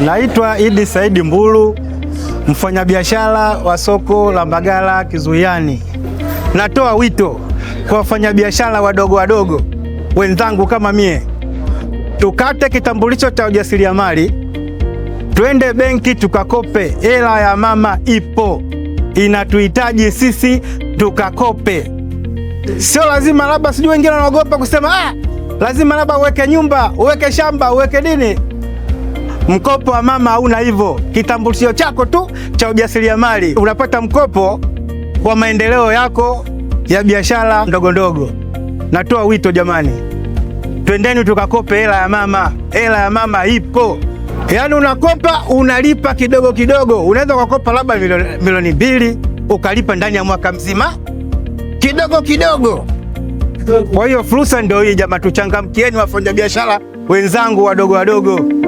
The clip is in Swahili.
Naitwa Idi Saidi Mbulu, mfanyabiashara wa soko la Mbagala Kizuiani. Natoa wito kwa wafanyabiashara wadogo wadogo wenzangu kama mie, tukate kitambulisho cha ujasiriamali, twende benki tukakope. Hela ya mama ipo, inatuhitaji sisi tukakope. Sio lazima labda, sijui wengine wanaogopa kusema ah, lazima labda uweke nyumba uweke shamba uweke nini Mkopo wa mama hauna hivyo, kitambulisho chako tu cha ujasiriamali unapata mkopo wa maendeleo yako ya biashara ndogo ndogo. Natoa wito jamani, twendeni tukakope hela ya mama. Hela ya mama ipo, yaani unakopa unalipa kidogo kidogo. Unaweza ukakopa labda milioni mbili ukalipa ndani ya mwaka mzima kidogo kidogo. Kwa hiyo fursa ndio hii jamaa, tuchangamkieni wafanyabiashara wenzangu wadogo wadogo.